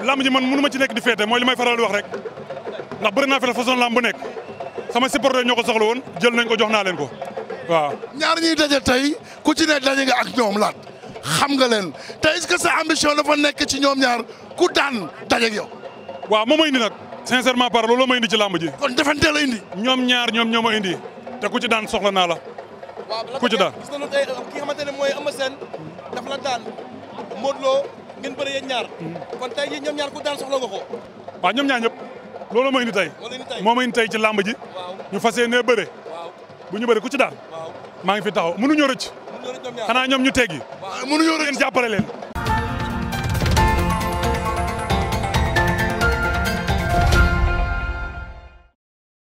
lamb ji man mënu ma ci nekk di féete mooy li may faral di wax rek ndax bëri naa fi la façon bu nekk sama supporter ñoo ko soxla woon jël nañ ko jox naa leen ko waaw. ñaar ñuy daje tey ku ci ne daje nga ak ñoom laat xam nga leen te est que sa ambition dafa nekk ci ñoom ñaar ku daan daje ak yow. waaw moom mooy indi nag sincèrement par loolu mooy indi ci lamb ji. kon defante la indi. ñoom ñaar ñoom ñoo ma indi te ku ci daan soxla naa la. ku ci daan waaw gis nañu tey ki nga xamante ne mooy Eumeu Sène daf Lo ngeen bëre yéen ñaar hmm. kon tey jii ñoom ñaar ku daan soxla nga ko waaw ñoom ñaar ñëpp loolu ma indi tey moo ma indi tey ci ji ñu fas yéenee bëre bu ñu bëre ku ci daan maa ngi fi taxaw mënuñoo rëcc xanaa ñoom ñu teggi mënuñoo rëcc ngeen jàppale leen